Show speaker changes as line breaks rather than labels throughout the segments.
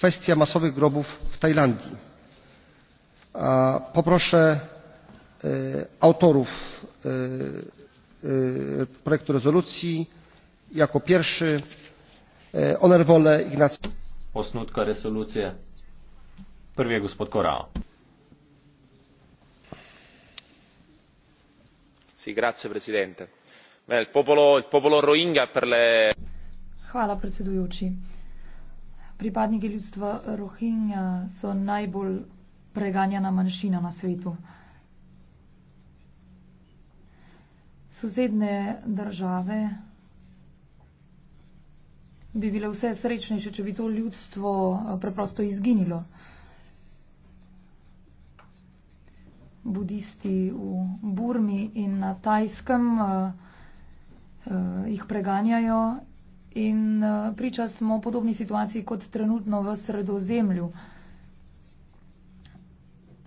kwestia masowych grobów w tajlandii. poproszę e, autorów e, e, projektu rezolucji jako pierwszy honorable ignacy osnutka rezolucja pierwszy gospod korao
Sì, grazie presidente. Beh, il popolo il popolo
Rohingya per le
Hvala predsedujoči pripadniki ljudstva Rohingja so najbolj preganjena manjšina na svetu. Sosedne države bi bile vse srečnejše, če bi to ljudstvo eh, preprosto izginilo. Budisti v Burmi in na Tajskem uh, uh, jih preganjajo in eh, priča smo podobni situaciji kot trenutno v sredozemlju.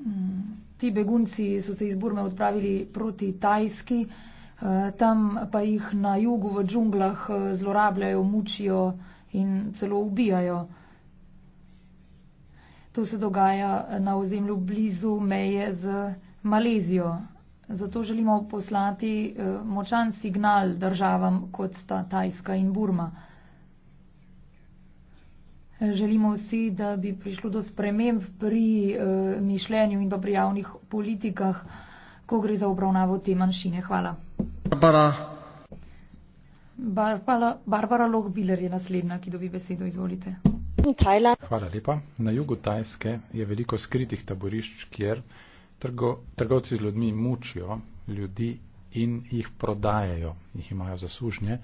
Mm, ti begunci so se iz Burme odpravili proti Tajski, eh, tam pa jih na jugu v džunglah eh, zlorabljajo, mučijo in celo ubijajo. To se dogaja na ozemlju blizu meje z Malezijo. Zato želimo poslati eh, močan signal državam, kot sta Tajska in Burma. Želimo vsi, da bi prišlo do sprememb pri eh, mišljenju in pri javnih politikah, ko gre za obravnavo te manjšine. Hvala. Barbara, Barbara Lohbiler je naslednja, ki dobi besedo. Izvolite.
Hvala lepa. Na jugu Tajske je veliko skritih taborišč, kjer trgo, trgovci z ljudmi mučijo ljudi in jih prodajajo, jih imajo za sužnje,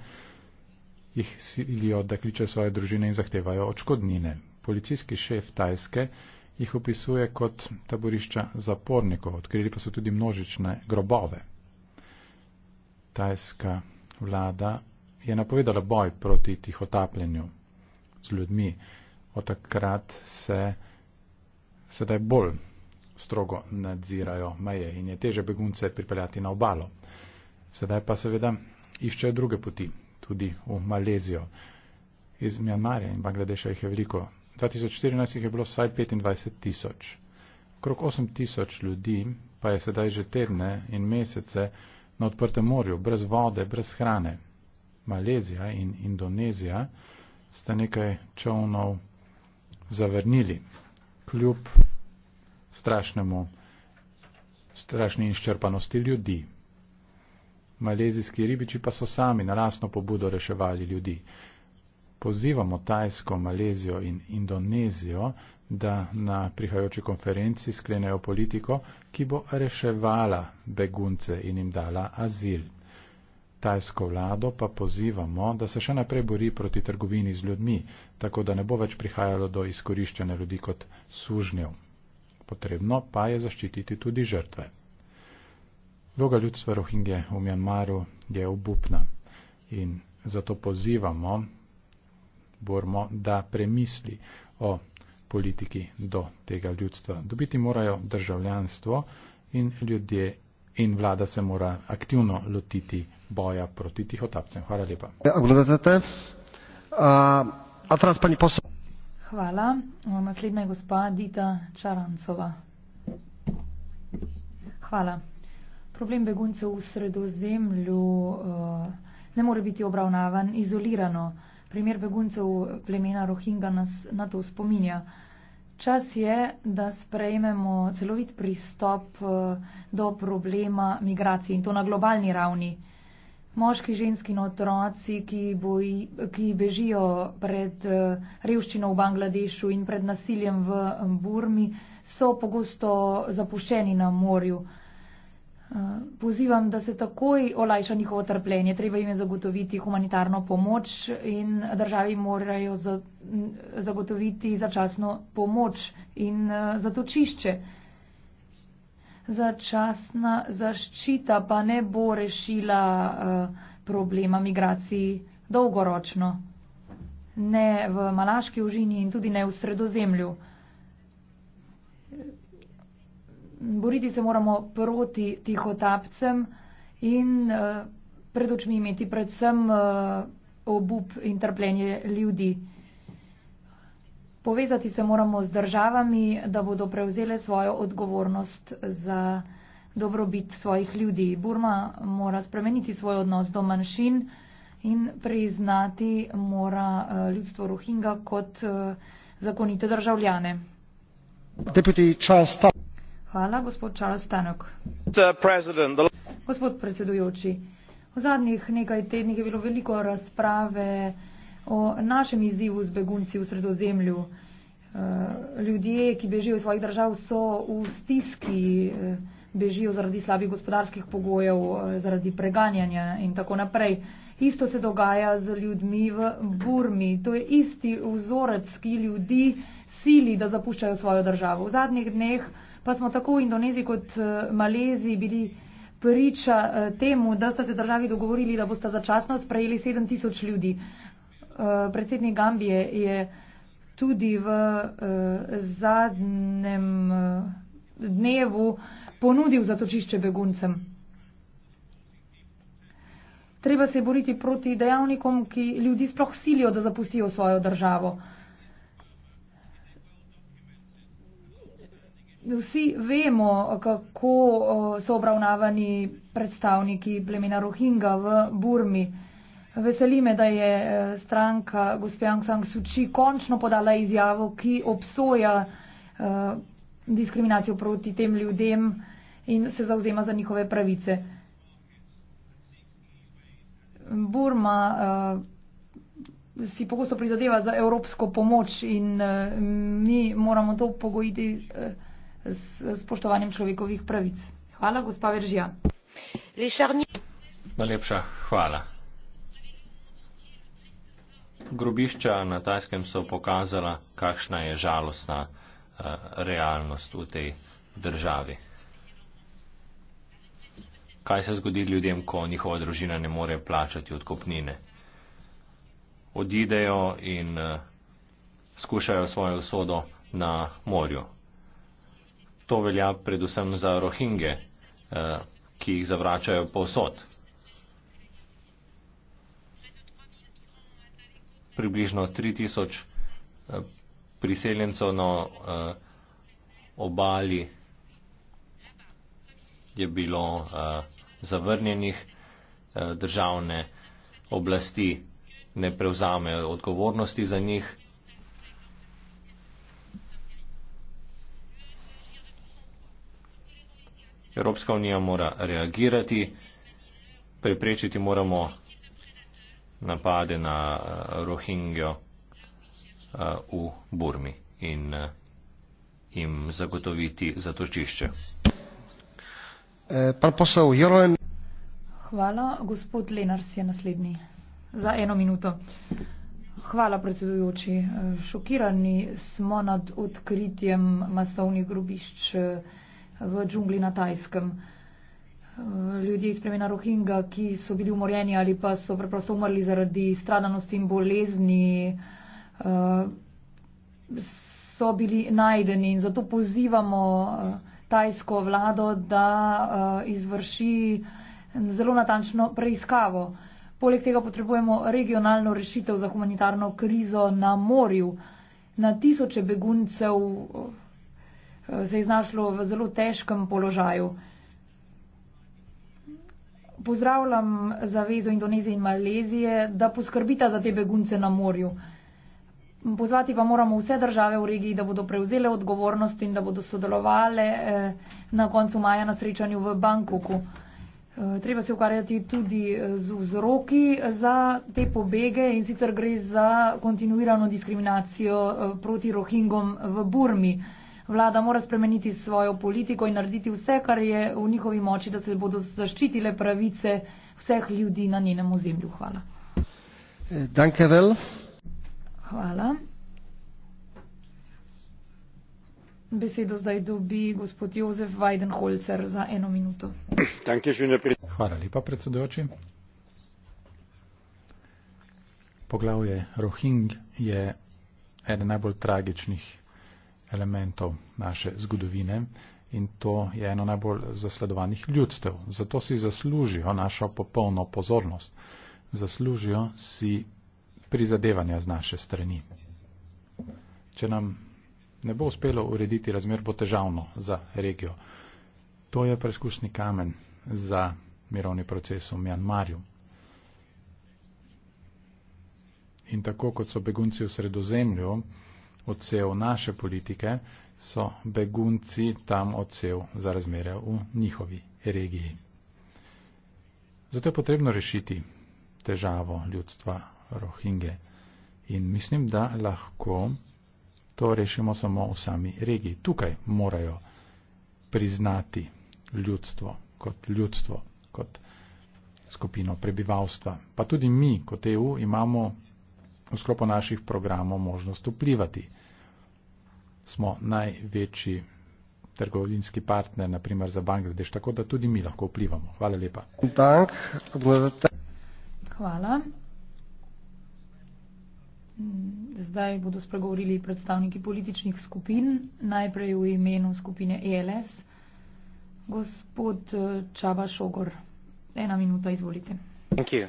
jih silijo, da kličejo svoje družine in zahtevajo očkodnine. Policijski šef Tajske jih opisuje kot taborišča zapornikov, odkrili pa so tudi množične grobove. Tajska vlada je napovedala boj proti tihotapljenju z ljudmi. Od takrat se sedaj bolj strogo nadzirajo meje in je teže begunce pripeljati na obalo. Sedaj pa seveda iščejo druge poti, tudi v Malezijo. Iz Mjanmarja in Bangladeša jih je veliko. 2014 jih je bilo vsaj 25 tisoč. Krok 8 tisoč ljudi pa je sedaj že tedne in mesece na odprtem morju, brez vode, brez hrane. Malezija in Indonezija sta nekaj čovnov zavrnili. Kljub strašnemu, strašni izčrpanosti ljudi. Malezijski ribiči pa so sami na lasno pobudo reševali ljudi. Pozivamo Tajsko, Malezijo in Indonezijo, da na prihajajoči konferenci sklenejo politiko, ki bo reševala begunce in jim dala azil. Tajsko vlado pa pozivamo, da se še naprej bori proti trgovini z ljudmi, tako da ne bo več prihajalo do izkoriščanja ljudi kot sužnjev potrebno pa je zaščititi tudi žrtve. Vloga ljudstva Rohingje v Mjanmaru je obupna in zato pozivamo Bormo, da premisli o politiki do tega ljudstva. Dobiti morajo državljanstvo in ljudje in vlada se mora aktivno lotiti boja proti tihotapcem. Hvala lepa.
Ja, a, a trans, pani posel.
Hvala. Naslednja je gospa Dita Čarancova. Hvala. Problem beguncev v sredozemlju eh, ne more biti obravnavan izolirano. Primer beguncev plemena Rohinga nas na to spominja. Čas je, da sprejmemo celovit pristop eh, do problema migracij in to na globalni ravni moški, ženski in otroci, ki, boji, ki bežijo pred eh, revščino v Bangladešu in pred nasiljem v eh, Burmi, so pogosto zapuščeni na morju. Eh, pozivam, da se takoj olajša njihovo trpljenje. Treba jim je zagotoviti humanitarno pomoč in državi morajo zagotoviti začasno pomoč in zatočišče začasna zaščita pa ne bo rešila eh, problema migracij dolgoročno. Ne v Malaški ožini in tudi ne v Sredozemlju. Boriti se moramo proti tihotapcem in eh, pred očmi imeti predvsem eh, obup in trpljenje ljudi. Povezati se moramo z državami, da bodo prevzele svojo odgovornost za dobrobit svojih ljudi. Burma mora spremeniti svoj odnos do manjšin in priznati mora eh, ljudstvo Rohinga kot eh, zakonite državljane. Hvala, gospod Charles Stanok. Gospod predsedujoči, v zadnjih nekaj tednih je bilo veliko razprave o našem izzivu z begunci v sredozemlju. Eh, ljudje, ki bežijo iz svojih držav, so v stiski, eh, bežijo zaradi slabih gospodarskih pogojev, eh, zaradi preganjanja in tako naprej. Isto se dogaja z ljudmi v Burmi. To je isti vzorec, ki ljudi sili, da zapuščajo svojo državo. V zadnjih dneh pa smo tako v Indoneziji kot Maleziji bili priča temu, da sta se državi dogovorili, da boste začasno sprejeli 7000 ljudi. Eh, predsednik Gambije je tudi v eh, zadnjem eh, dnevu ponudil zatočišče beguncem. Treba se boriti proti dejavnikom, ki ljudi sploh silijo, da zapustijo svojo državo. Vsi vemo, kako so obravnavani predstavniki plemena Rohinga v Burmi. Veseli me, da je eh, stranka gospe Aung San Suu Kyi končno podala izjavo, ki obsoja uh, diskriminacijo proti tem ljudem in se zauzema za njihove pravice. Burma uh, si pogosto prizadeva za evropsko pomoč in uh, mi moramo to pogojiti uh, s spoštovanjem človekovih pravic. Hvala, gospa Veržija.
Najlepša hvala grobišča na Tajskem so pokazala, kakšna je žalostna eh, realnost v tej državi. Kaj se zgodi ljudem, ko njihova družina ne more plačati odkopnine? Odidejo in eh, skušajo svojo usodo na morju. To velja predvsem za rohinge, eh, ki jih zavračajo povsod. približno 3000 eh, priseljencev na eh, obali je bilo eh, zavrnjenih. Državne oblasti ne prevzamejo odgovornosti za njih. Evropska unija mora reagirati, preprečiti moramo napade na eh, Rohingjo eh, v Burmi in eh, jim zagotoviti zatočišče.
Hvala. Gospod Lenars je naslednji. Za eno minuto. Hvala, predsedujoči. Šokirani smo nad odkritjem masovnih grobišč v džungli na Tajskem ljudi iz premena Rohinga, ki so bili umorjeni ali pa so preprosto umrli zaradi stradanosti in bolezni, eh, so bili najdeni. In zato pozivamo eh, tajsko vlado, da eh, izvrši zelo natančno preiskavo. Poleg tega potrebujemo regionalno rešitev za humanitarno krizo na morju. Na tisoče beguncev se je znašlo v zelo težkem položaju pozdravljam zavezo Indonezije in Malezije, da poskrbita za te begunce na morju. Pozvati pa moramo vse države v regiji, da bodo prevzele odgovornost in da bodo sodelovali eh, na koncu maja na srečanju v Bangkoku. Eh, treba se ukvarjati tudi eh, z vzroki za te pobege in sicer gre za kontinuirano diskriminacijo proti rohingom v Burmi. Vlada mora spremeniti svojo politiko in narediti vse, kar je v njihovi moči, da se bodo zaščitile pravice vseh ljudi na njenem ozemlju. Hvala.
Eh, Dankevel.
Hvala. Besedo zdaj dobi gospod Jozef Weidenholzer za eno minuto.
Hvala lepa, predsedujoči. Poglavje Rohingya je eden najbolj tragičnih elementov naše zgodovine in to je eno najbolj zasledovanih ljudstev. Zato si zaslužijo našo popolno pozornost, zaslužijo si prizadevanja z naše strani. Če nam ne bo uspelo urediti razmer, bo težavno za regijo. To je preskusni kamen za mirovni proces v Mjanmarju. In tako kot so begunci v sredozemlju, odsev naše politike, so begunci tam odsev za razmere v njihovi regiji. Zato je potrebno rešiti težavo ljudstva Rohinge in mislim, da lahko to rešimo samo v sami regiji. Tukaj morajo priznati ljudstvo kot ljudstvo, kot skupino prebivalstva. Pa tudi mi kot EU imamo v sklopu naših programov možnost vplivati. Smo največji trgovinski partner, naprimer za Bangladeš, tako da tudi mi lahko vplivamo. Hvala lepa. Dank,
Hvala. Zdaj bodo spregovorili predstavniki političnih skupin, najprej v imenu skupine ELS. Gospod eh, Čava Šogor, ena minuta, izvolite. Thank you.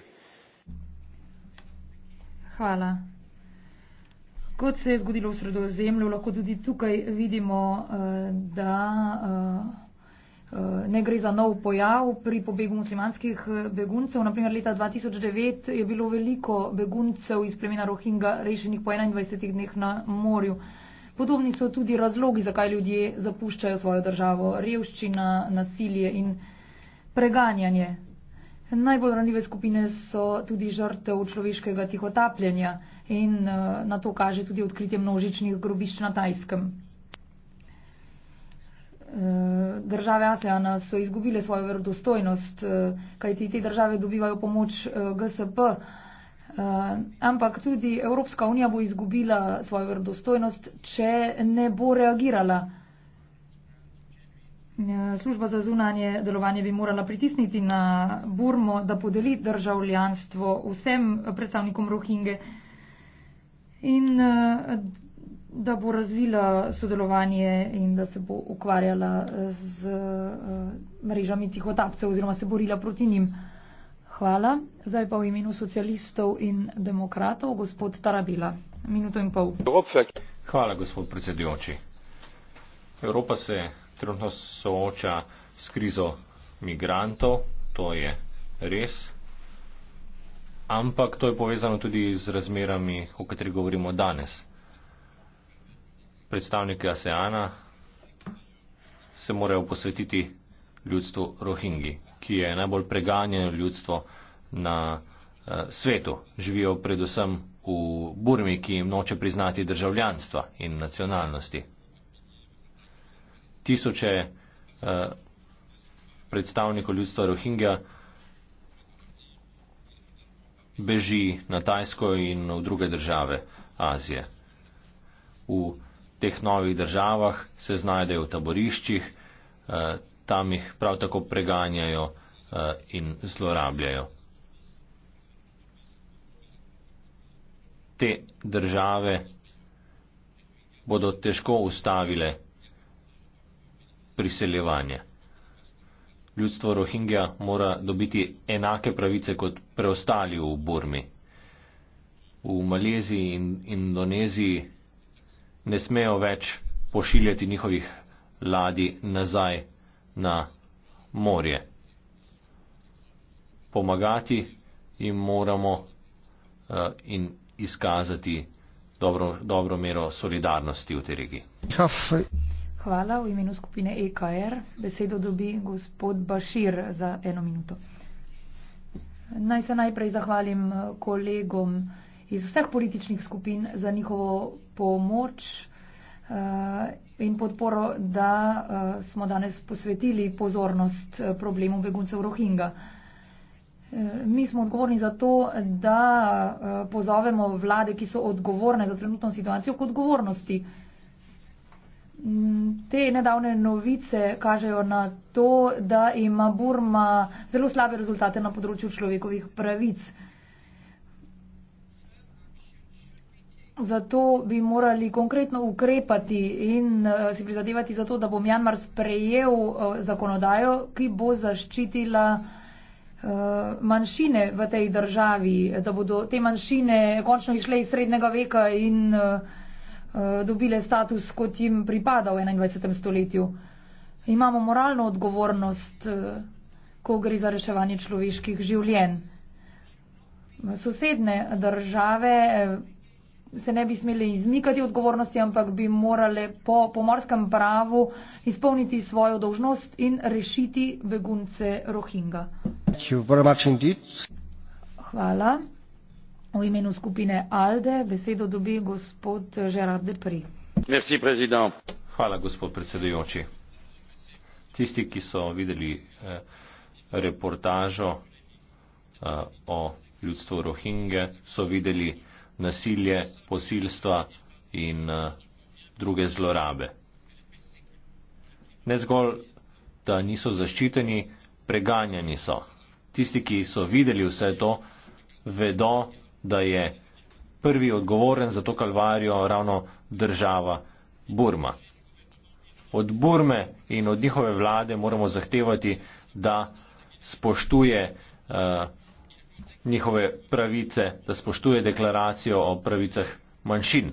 Hvala. Kot se je zgodilo v sredozemlju, lahko tudi tukaj vidimo, eh, da eh, eh, ne gre za nov pojav pri pobegu muslimanskih beguncev. Naprimer, leta 2009 je bilo veliko beguncev iz premena Rohinga rešenih po 21 dneh na morju. Podobni so tudi razlogi, zakaj ljudje zapuščajo svojo državo. Revščina, nasilje in preganjanje. Najbolj ranljive skupine so tudi žrtev človeškega tihotapljenja in eh, na to kaže tudi odkritje množičnih grobišč na Tajskem. Eh, države ASEAN-a so izgubile svojo verodostojnost, eh, kajti te države dobivajo pomoč GSP, ampak tudi Evropska unija bo izgubila svojo verodostojnost, če ne bo reagirala. Služba za zunanje delovanje bi morala pritisniti na Burmo, da podeli državljanstvo vsem predstavnikom Rohinge in eh, da bo razvila sodelovanje in da se bo ukvarjala z eh, mrežami tihotapcev oziroma se borila proti njim. Hvala. Zdaj pa v imenu socialistov in demokratov gospod Tarabila. Minuto in pol.
Hvala, gospod predsedujoči. Evropa se trenutno sooča s krizo migrantov, to je res. Ampak to je povezano tudi z razmerami, o katerih govorimo danes. Predstavniki ASEAN-a se morajo posvetiti ljudstvu Rohingi, ki je najbolj preganjeno ljudstvo na uh, svetu. Živijo predvsem v Burmi, ki jim noče priznati državljanstva in nacionalnosti tisoče uh, predstavnikov ljudstva Rohingja beži na Tajsko in v druge države Azije. V teh novih državah se znajdejo v taboriščih, eh, tam jih prav tako preganjajo eh, in zlorabljajo. Te države bodo težko ustavile priseljevanje. Ljudstvo Rohingja mora dobiti enake pravice kot preostali v Burmi. V Maleziji in Indoneziji ne smejo več pošiljati njihovih ladi nazaj na morje. Pomagati jim moramo uh, in izkazati dobro, dobro mero solidarnosti v tej regiji. Ja,
Hvala. V imenu skupine EKR besedo dobi gospod Bašir za eno minuto. Naj se najprej zahvalim eh, kolegom iz vseh političnih skupin za njihovo pomoč eh, in podporo, da eh, smo danes posvetili pozornost problemu beguncev Rohinga. Mi smo odgovorni za to, da pozovemo vlade, ki so odgovorne za trenutno situacijo, k odgovornosti. Mm, te nedavne novice kažejo na to, da ima Burma zelo slabe rezultate na področju človekovih pravic. Zato bi morali konkretno ukrepati in eh, si prizadevati za to, da bo Mjanmar sprejel eh, zakonodajo, ki bo zaščitila eh, manjšine v tej državi, da bodo te manjšine končno išle iz srednjega veka in Eh, dobile status, kot jim pripada v 21. stoletju. Imamo moralno odgovornost, eh, ko gre za reševanje človeških življenj. Sosedne države eh, se ne bi smeli izmikati odgovornosti, ampak bi morale po pomorskem pravu izpolniti svojo dožnost in rešiti begunce Rohinga. Hvala. V imenu skupine ALDE besedo dobi gospod Gerard Depri.
Hvala, gospod predsedujoči. Tisti, ki so videli eh, reportažo eh, o ljudstvu Rohinge, so videli nasilje, posilstva in eh, druge zlorabe. Ne zgolj, da niso zaščiteni, preganjani so. Tisti, ki so videli vse to, vedo, da je prvi odgovoren za to kalvarijo ravno država Burma. Od Burme in od njihove vlade moramo zahtevati, da spoštuje uh, njihove pravice, da spoštuje deklaracijo o pravicah manjšin.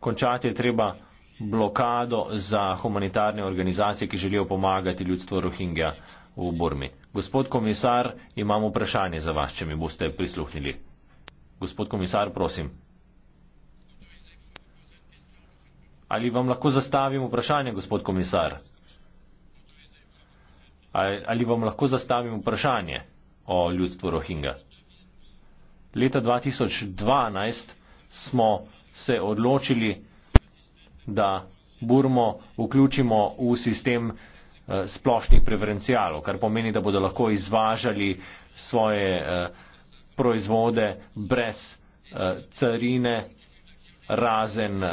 Končati je treba blokado za humanitarne organizacije, ki želijo pomagati ljudstvo Rohingja v Burmi. Gospod komisar, imam vprašanje za vas, če mi boste prisluhnili. Gospod komisar, prosim. Ali vam lahko zastavim vprašanje, gospod komisar? Ali vam lahko zastavim vprašanje o ljudstvu Rohinga? Leta 2012 smo se odločili, da Burmo vključimo v sistem Eh, splošnih preferencialov, kar pomeni, da bodo lahko izvažali svoje eh, proizvode brez eh, carine, razen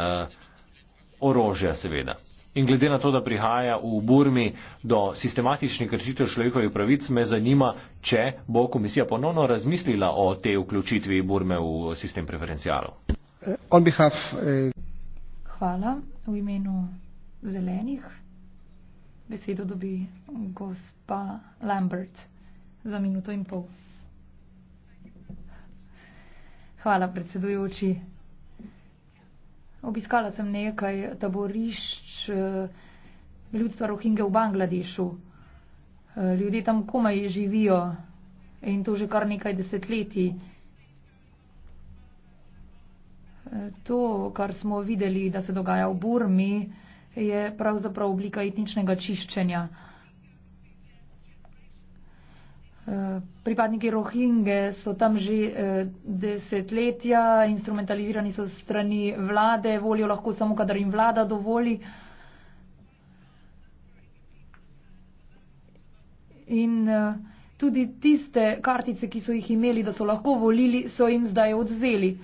orožja seveda. In glede na to, da prihaja v Burmi do sistematičnih kršitev človekovih pravic, me zanima, če bo komisija ponovno razmislila o tej vključitvi Burme v sistem preferencialov.
Hvala v imenu zelenih besedo dobi gospa Lambert za minuto in pol. Hvala, predsedujoči. Obiskala sem nekaj taborišč eh, ljudstva Rohinge v Bangladešu. Eh, ljudje tam komaj živijo in to že kar nekaj desetletij. Eh, to, kar smo videli, da se dogaja v Burmi, je pravzaprav oblika etničnega čiščenja. Eh, pripadniki Rohinge so tam že eh, desetletja, instrumentalizirani so strani vlade, volijo lahko samo, kadar jim vlada dovoli. In eh, tudi tiste kartice, ki so jih imeli, da so lahko volili, so jim zdaj odzeli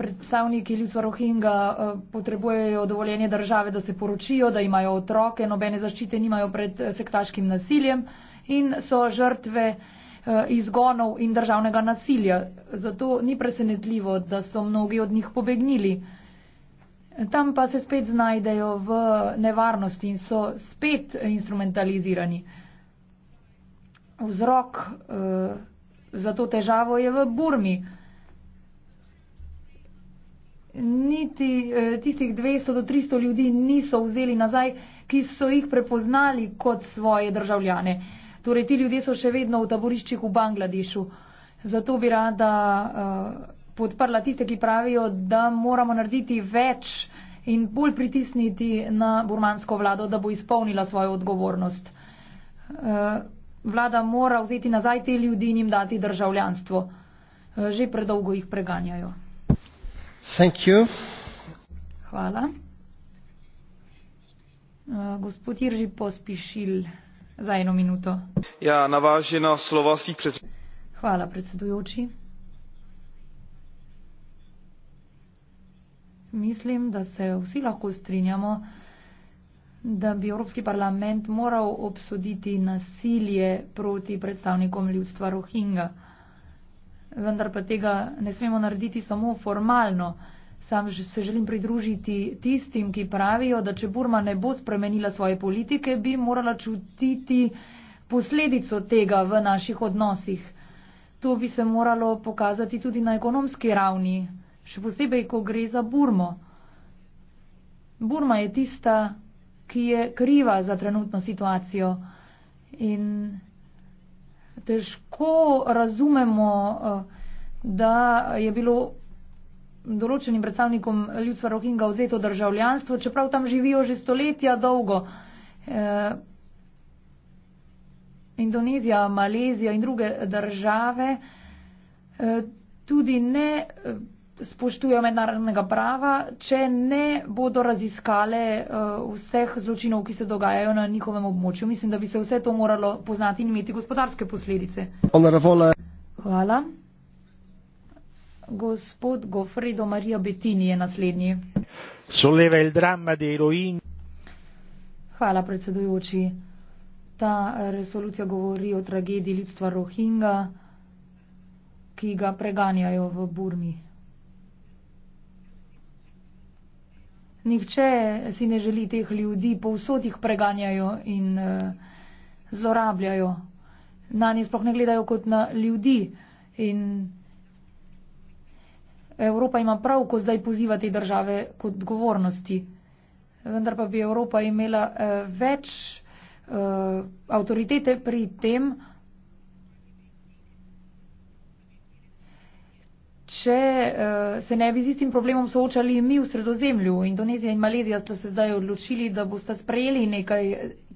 predstavniki ljudstva Rohinga eh, potrebujejo dovoljenje države, da se poročijo, da imajo otroke, nobene zaščite nimajo pred eh, sektaškim nasiljem in so žrtve eh, izgonov in državnega nasilja. Zato ni presenetljivo, da so mnogi od njih pobegnili. Tam pa se spet znajdejo v nevarnosti in so spet instrumentalizirani. Vzrok uh, za to težavo je v Burmi. Uh, niti eh, tistih 200 do 300 ljudi niso vzeli nazaj, ki so jih prepoznali kot svoje državljane. Torej, ti ljudje so še vedno v taboriščih v Bangladešu. Zato bi rada eh, podprla tiste, ki pravijo, da moramo narediti več in bolj pritisniti na burmansko vlado, da bo izpolnila svojo odgovornost. Eh, vlada mora vzeti nazaj te ljudi in jim dati državljanstvo. Eh, že predolgo jih preganjajo. Thank you. Hvala. Uh, gospod Jirži Pospišil, za eno minuto. Ja, navaži na slova svih predsednikov. Hvala, predsedujoči. Mislim, da se vsi lahko strinjamo, da bi Evropski parlament moral obsoditi nasilje proti predstavnikom ljudstva Rohingya vendar pa tega ne smemo narediti samo formalno. Sam se želim pridružiti tistim, ki pravijo, da če Burma ne bo spremenila svoje politike, bi morala čutiti posledico tega v naših odnosih. To bi se moralo pokazati tudi na ekonomski ravni, še posebej, ko gre za Burmo. Burma je tista, ki je kriva za trenutno situacijo in težko razumemo, eh, da je bilo določenim predstavnikom ljudstva Rohinga vzeto državljanstvo, čeprav tam živijo že stoletja dolgo. Eh, Indonezija, Malezija in druge države eh, tudi ne spoštujejo mednarodnega prava, če ne bodo raziskale uh, vseh zločinov, ki se dogajajo na njihovem območju. Mislim, da bi se vse to moralo poznati in imeti gospodarske posledice. Hvala. Gospod Gofredo Marija Bettini je naslednji.
Soleva il dramma dei roin.
Hvala, predsedujoči. Ta resolucija govori o tragediji ljudstva Rohinga, ki ga preganjajo v Burmi. Nihče si ne želi teh ljudi, povsod jih preganjajo in uh, zlorabljajo. Na nje sploh ne gledajo kot na ljudi. In Evropa ima prav, ko zdaj poziva te države k odgovornosti. Vendar pa bi Evropa imela uh, več uh, avtoritete pri tem, uh, če uh, se ne bi z istim problemom soočali mi v sredozemlju. Indonezija in Malezija sta se zdaj odločili, da boste sprejeli nekaj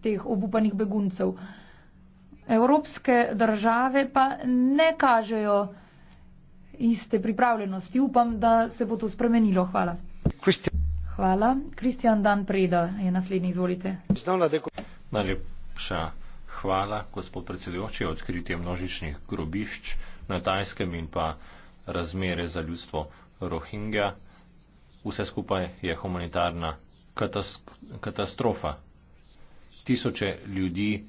teh obupanih beguncev. Evropske države pa ne kažejo iste pripravljenosti. Upam, da se bo to spremenilo. Hvala. Christi Hvala. Kristjan Dan Preda je naslednji. Izvolite.
Najlepša. Hvala, gospod predsedujoči, odkritje množičnih grobišč na Tajskem in pa razmere za ljudstvo Rohingja. Vse skupaj je humanitarna katastrofa. Tisoče ljudi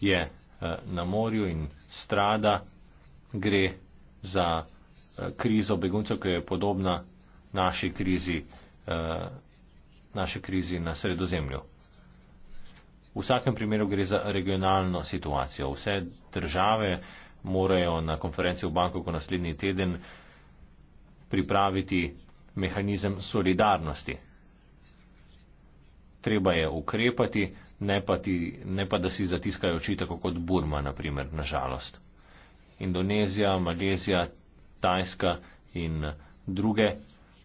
je eh, na morju in strada, gre za eh, krizo beguncev, ki je podobna naši krizi, eh, naši krizi na sredozemlju. V vsakem primeru gre za regionalno situacijo. Vse države morajo na konferenci v Bankovku naslednji teden pripraviti mehanizem solidarnosti. Treba je ukrepati, ne pa, ti, ne pa da si zatiskajo oči, tako kot Burma, naprimer, nažalost. Indonezija, Malezija, Tajska in druge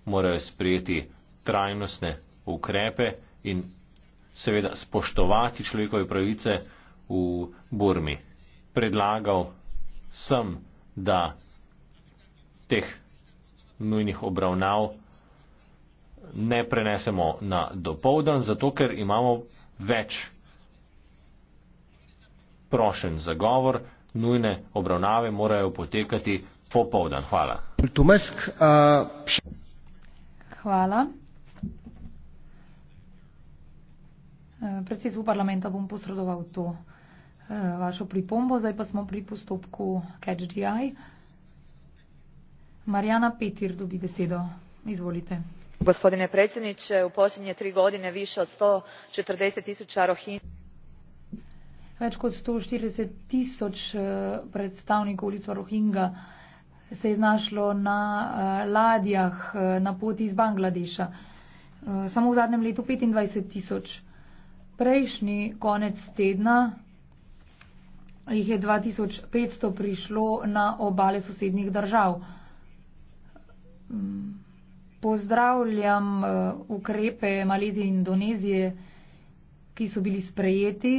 morajo sprejeti trajnostne ukrepe in seveda spoštovati človekove pravice v Burmi. Predlagal sem, da teh nujnih obravnav ne prenesemo na dopoldan, zato ker imamo več prošen za govor, nujne obravnave morajo potekati popoldan. Hvala. Tumesk, uh,
Hvala. Uh, predsedstvu parlamenta bom posredoval to Eh, vašo pripombo. Zdaj pa smo pri postopku Catch the Eye. Marijana Petir dobi besedo. Izvolite. Gospodine predsjedniče, u posljednje tri godine više od 140 tisuća rohinja. Več kot 140 tisoč eh, predstavnikov ulica Rohinga se je znašlo na eh, ladjah na poti iz Bangladeša. Samo v zadnjem letu 25 tisoč. Prejšnji konec tedna jih je 2500 prišlo na obale sosednjih držav. Mm, pozdravljam eh, ukrepe Malezije in Indonezije, ki so bili sprejeti.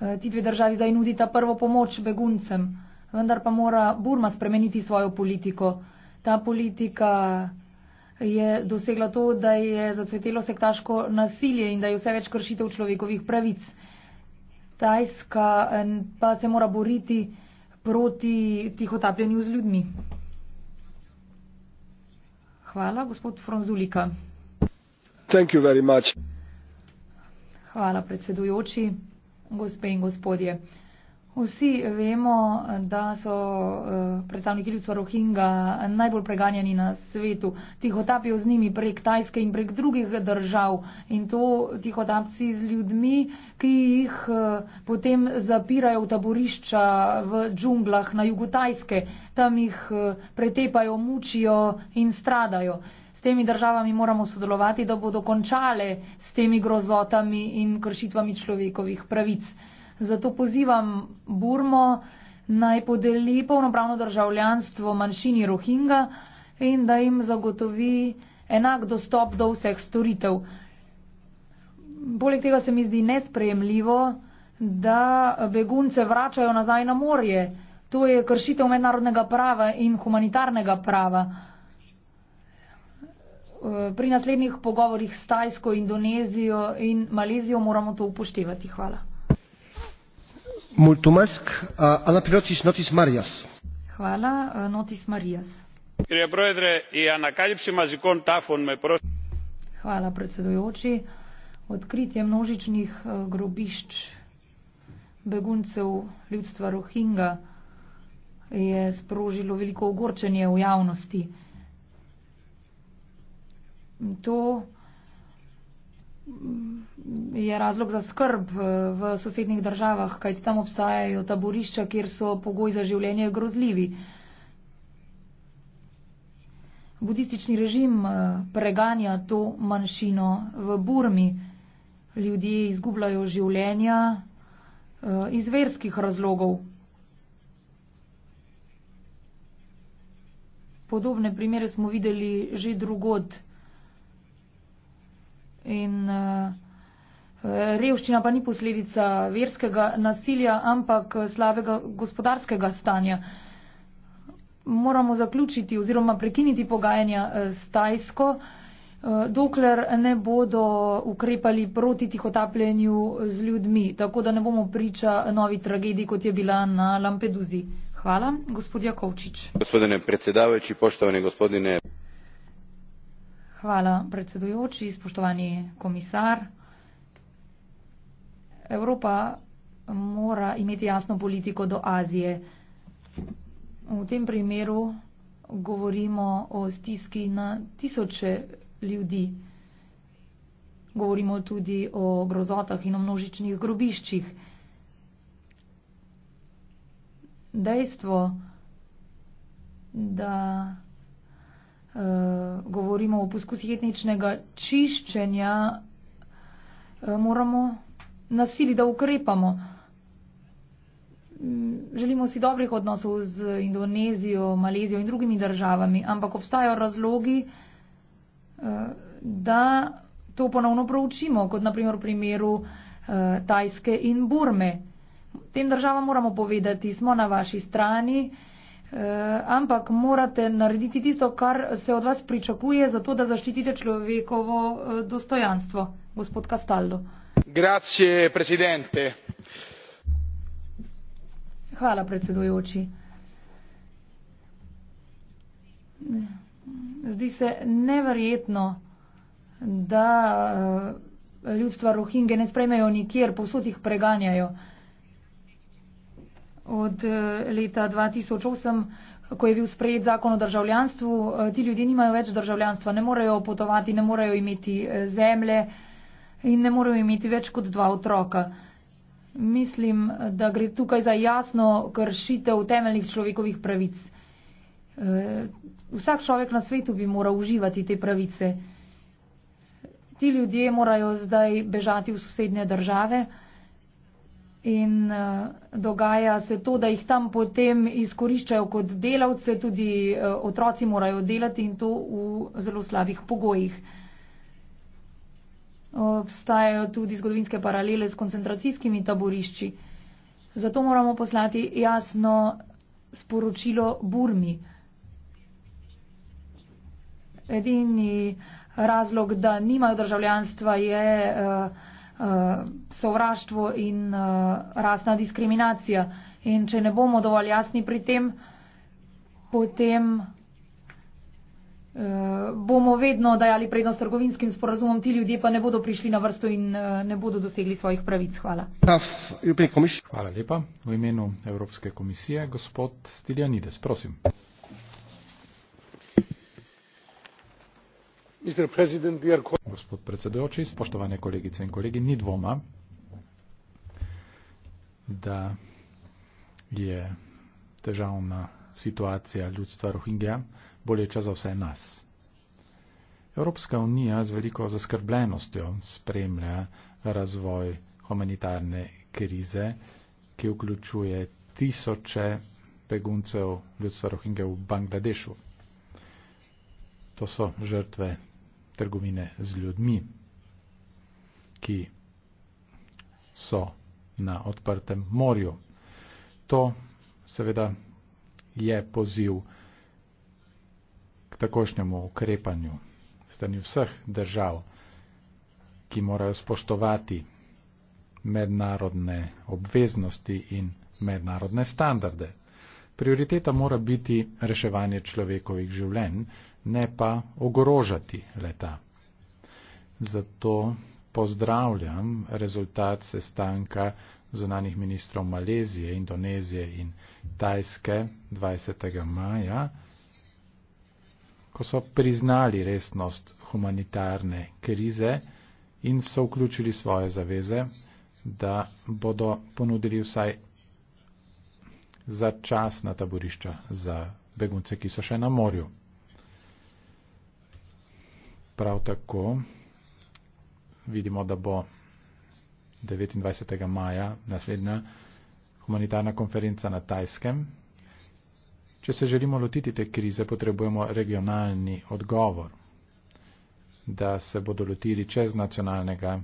Eh, ti dve državi zdaj nudita prvo pomoč beguncem, vendar pa mora Burma spremeniti svojo politiko. Ta politika je dosegla to, da je zacvetelo sektaško nasilje in da je vse več kršitev človekovih pravic. Tajska pa se mora boriti proti tihotapljenju z ljudmi. Hvala, gospod Fronzulika.
Thank you very much.
Hvala, predsedujoči, gospe in gospodje. Vsi vemo, da so eh, predstavniki ljudstva Rohinga najbolj preganjani na svetu. Tihotapijo z njimi prek Tajske in prek drugih držav in to tihotapci z ljudmi, ki jih eh, potem zapirajo v taborišča v džunglah na jugu Tajske. Tam jih eh, pretepajo, mučijo in stradajo. S temi državami moramo sodelovati, da bodo končale s temi grozotami in kršitvami človekovih pravic. Zato pozivam Burmo naj podeli polnopravno državljanstvo manjšini Rohinga in da jim zagotovi enak dostop do vseh storitev. Poleg tega se mi zdi nesprejemljivo, da begunce vračajo nazaj na morje. To je kršitev mednarodnega prava in humanitarnega prava. Pri naslednjih pogovorih s Tajsko, Indonezijo in Malezijo moramo to upoštevati. Hvala odkritje množičnih grobišč beguncev ljudstva rohingja je sprožilo veliko ogorčenje v javnosti. To je razlog za skrb eh, v sosednjih državah, kajti tam obstajajo taborišča, kjer so pogoji za življenje grozljivi. Budistični režim eh, preganja to manjšino v Burmi. Ljudje izgubljajo življenja eh, iz verskih razlogov. Podobne primere smo videli že drugod. In uh, Revščina pa ni posledica verskega nasilja, ampak slabega gospodarskega stanja. Moramo zaključiti oziroma prekiniti pogajanja eh, s Tajsko, eh, dokler ne bodo ukrepali proti tihotapljenju z ljudmi, tako da ne bomo priča novi tragediji, kot je bila na Lampeduzi. Hvala, gospod Jakovčič.
Gospodine predsedavajoči, poštovane gospodine.
Hvala, predsedujoči, spoštovani komisar. Evropa mora imeti jasno politiko do Azije. V tem primeru govorimo o stiski na tisoče ljudi. Govorimo tudi o grozotah in o množičnih grobiščih. Dejstvo, da uh, govorimo o poskusih etničnega čiščenja, uh, moramo na sili, da ukrepamo. Mm, želimo si dobrih odnosov z Indonezijo, Malezijo in drugimi državami, ampak obstajajo razlogi, eh, da to ponovno proučimo, kot naprimer v primeru eh, Tajske in Burme. Tem državam moramo povedati, smo na vaši strani, eh, ampak morate narediti tisto, kar se od vas pričakuje, zato da zaščitite človekovo dostojanstvo, gospod Kastaldo zdi se neverjetno da eh, ljudstva rohinge ne sprejmejo nikjer povsod jih preganjajo od eh, leta dva tisoč osem ko je bil sprejet zakon o državljanstvu eh, ti ljudje nimajo več državljanstva ne morejo potovati ne morejo imeti zemlje in ne morejo imeti več kot dva otroka. Mislim, da gre tukaj za jasno kršitev temeljnih človekovih pravic. E, vsak človek na svetu bi moral uživati te pravice. Ti ljudje morajo zdaj bežati v sosednje države in e, dogaja se to, da jih tam potem izkoriščajo kot delavce, tudi e, otroci morajo delati in to v zelo slabih pogojih obstajajo tudi zgodovinske paralele s koncentracijskimi taborišči. Zato moramo poslati jasno sporočilo Burmi. Edini razlog, da nimajo državljanstva, je uh, uh, sovraštvo in uh, rasna diskriminacija. In če ne bomo dovolj jasni pri tem, potem bomo vedno dajali prednost trgovinskim sporazumom, ti ljudje pa ne bodo prišli na vrsto in eh, ne bodo dosegli svojih pravic. Hvala.
Hvala lepa. V imenu Evropske komisije, gospod Stiljanides, prosim. Gospod predsedojoči, spoštovane kolegice in kolegi, ni dvoma, da je težavna situacija ljudstva Rohingja boleča za vse nas. Evropska unija z veliko zaskrbljenostjo spremlja razvoj humanitarne krize, ki vključuje tisoče beguncev ljudstva Rohingja v Bangladešu. To so žrtve trgovine z ljudmi, ki so na odprtem morju. To seveda je poziv takošnjemu ukrepanju strani vseh držav, ki morajo spoštovati mednarodne obveznosti in mednarodne standarde. Prioriteta mora biti reševanje človekovih življenj, ne pa ogrožati leta. Zato pozdravljam rezultat sestanka zunanih ministrov Malezije, Indonezije in Tajske 20. maja ko so priznali resnost humanitarne krize in so vključili svoje zaveze, da bodo ponudili vsaj začasna taborišča za begunce, ki so še na morju. Prav tako vidimo, da bo 29. maja naslednja humanitarna konferenca na Tajskem, Če se želimo lotiti te krize, potrebujemo regionalni odgovor, da se bodo lotili čez nacionalnega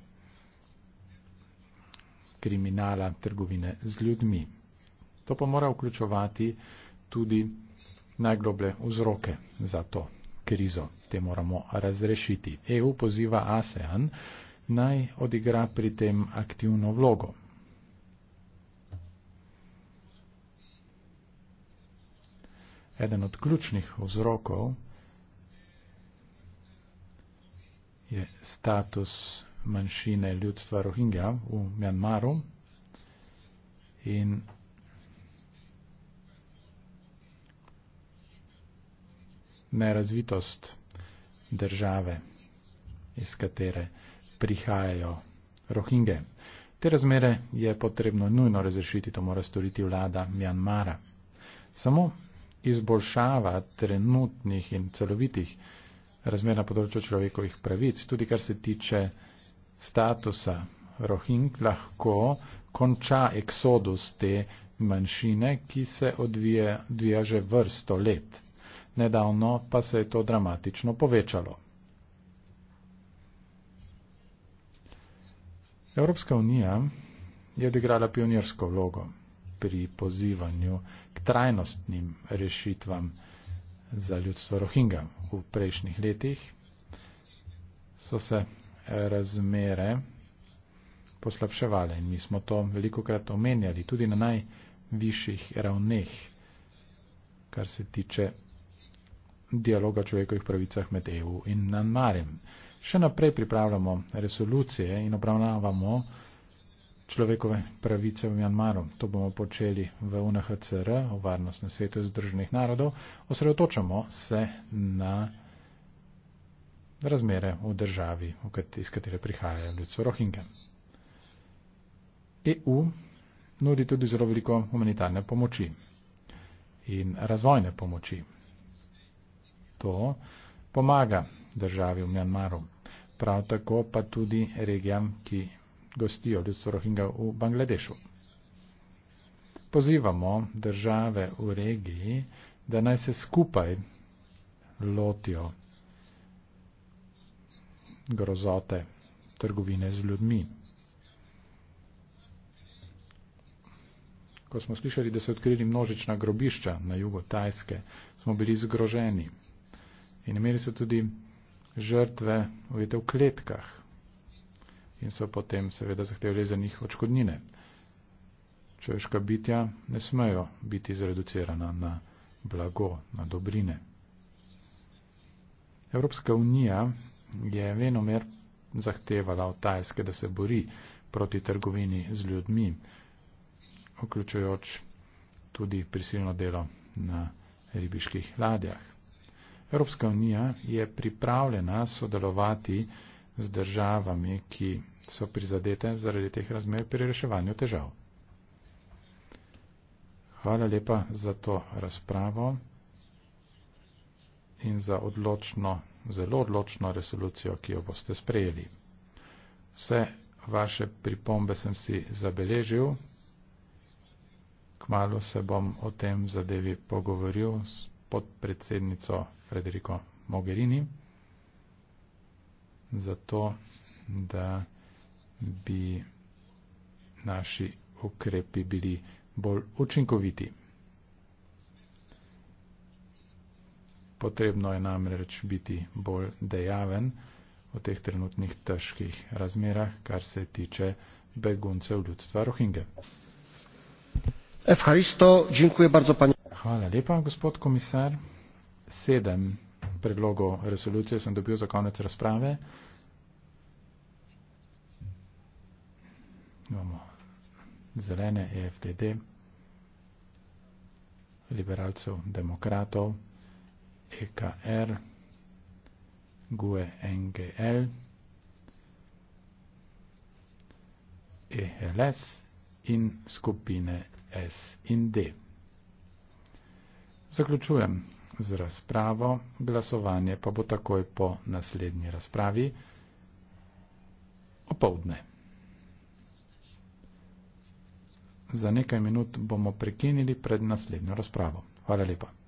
kriminala trgovine z ljudmi. To pa mora vključovati tudi najgloble vzroke za to krizo. Te moramo razrešiti. EU poziva ASEAN naj odigra pri tem aktivno vlogo. Eden od ključnih vzrokov je status manjšine ljudstva Rohingja v Mjanmaru in nerazvitost države, iz katere prihajajo Rohinge. Te razmere je potrebno nujno razrešiti, to mora storiti vlada Mjanmara. Samo izboljšava trenutnih in celovitih razmer na področju človekovih pravic, tudi kar se tiče statusa Rohing, lahko konča eksodus te manjšine, ki se odvija, odvija že vrsto let. Nedavno pa se je to dramatično povečalo. Evropska unija je odigrala pionirsko vlogo pri pozivanju k trajnostnim rešitvam za ljudstvo Rohingja. V prejšnjih letih so se razmere poslabševale in mi smo to veliko krat omenjali, tudi na najvišjih ravneh, kar se tiče dialoga o človekovih pravicah med EU in Nanmarjem. Še naprej pripravljamo resolucije in obravnavamo človekove pravice v Mjanmaru. To bomo počeli v UNHCR, o varnost na svetu Združenih narodov. Osredotočamo se na razmere v državi, iz katere prihaja ljudstvo Rohingja. EU nudi tudi zelo veliko humanitarne pomoči in razvojne pomoči. To pomaga državi v Mjanmaru, prav tako pa tudi regijam, ki gostijo ljudstvo Rohingja v Bangladešu. Pozivamo države v regiji, da naj se skupaj lotijo grozote trgovine z ljudmi. Ko smo slišali, da so odkrili množična grobišča na jugu Tajske, smo bili zgroženi. In imeli so tudi žrtve, ujete v kletkah in so potem seveda zahtevali za njih očkodnine. Človeška bitja ne smejo biti zreducirana na blago, na dobrine. Evropska unija je venomer zahtevala od Tajske, da se bori proti trgovini z ljudmi, vključujoč tudi prisilno delo na ribiških ladjah. Evropska unija je pripravljena sodelovati z državami, ki so prizadete zaradi teh razmer pri reševanju težav. Hvala lepa za to razpravo in za odločno, zelo odločno resolucijo, ki jo boste sprejeli. Vse vaše pripombe sem si zabeležil. Kmalo se bom o tem zadevi pogovoril s podpredsednico Frederiko Mogherini. Zato, da bi naši ukrepi bili bolj učinkoviti. Potrebno je namreč biti bolj dejaven v teh trenutnih težkih razmerah, kar se tiče beguncev ljudstva Rohinge. Hvala lepa, gospod komisar. Sedem predlogov resolucije sem dobil za konec razprave. imamo zelene EFTD, liberalcev, demokratov, EKR, GUE NGL, EHLS in skupine S in D. Zaključujem z razpravo. Glasovanje pa bo takoj po naslednji razpravi opovdne. Za nekaj minut bomo prekinili pred naslednjo razpravo. Hvala lepa.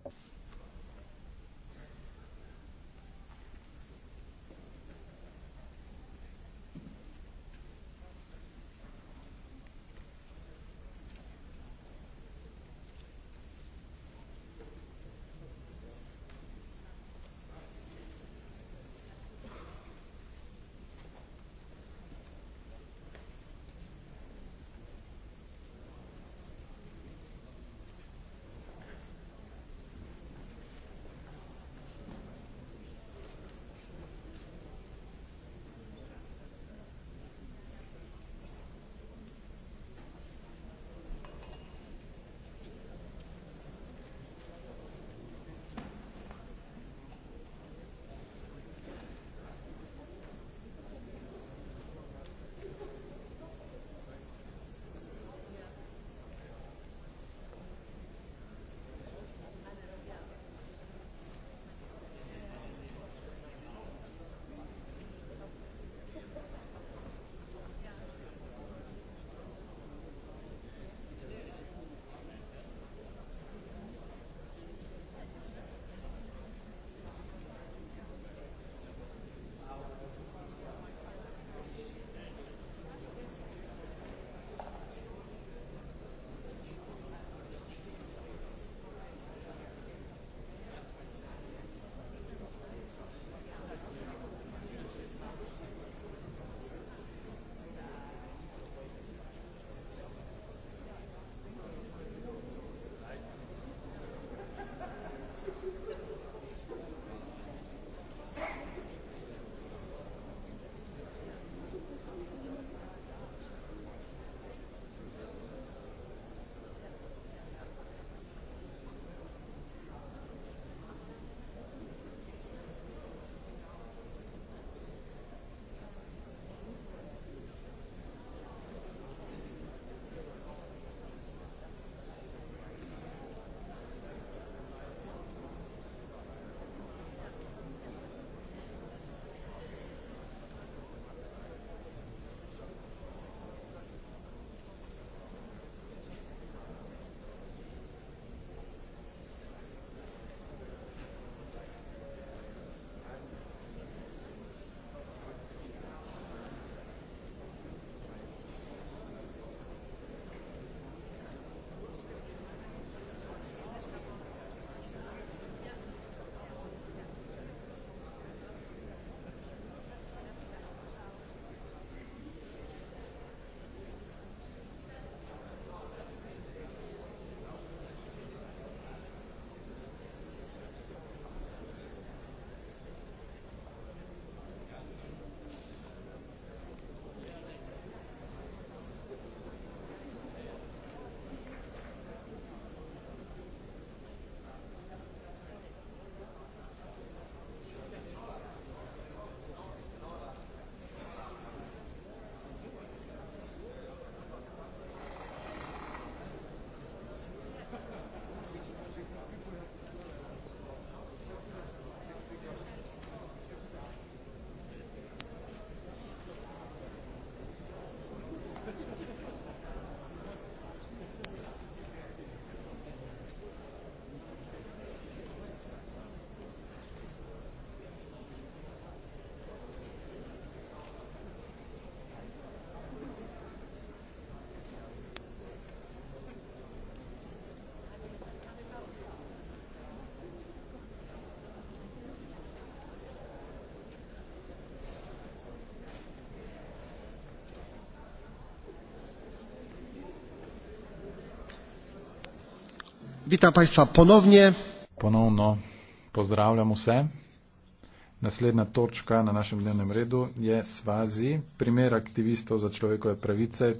Witam Państwa ponownie. Ponowno pozdrawiam wszystkich. Naslednja točka na našem dnevnem redu je Svazi, primer aktivistov za človekove pravice.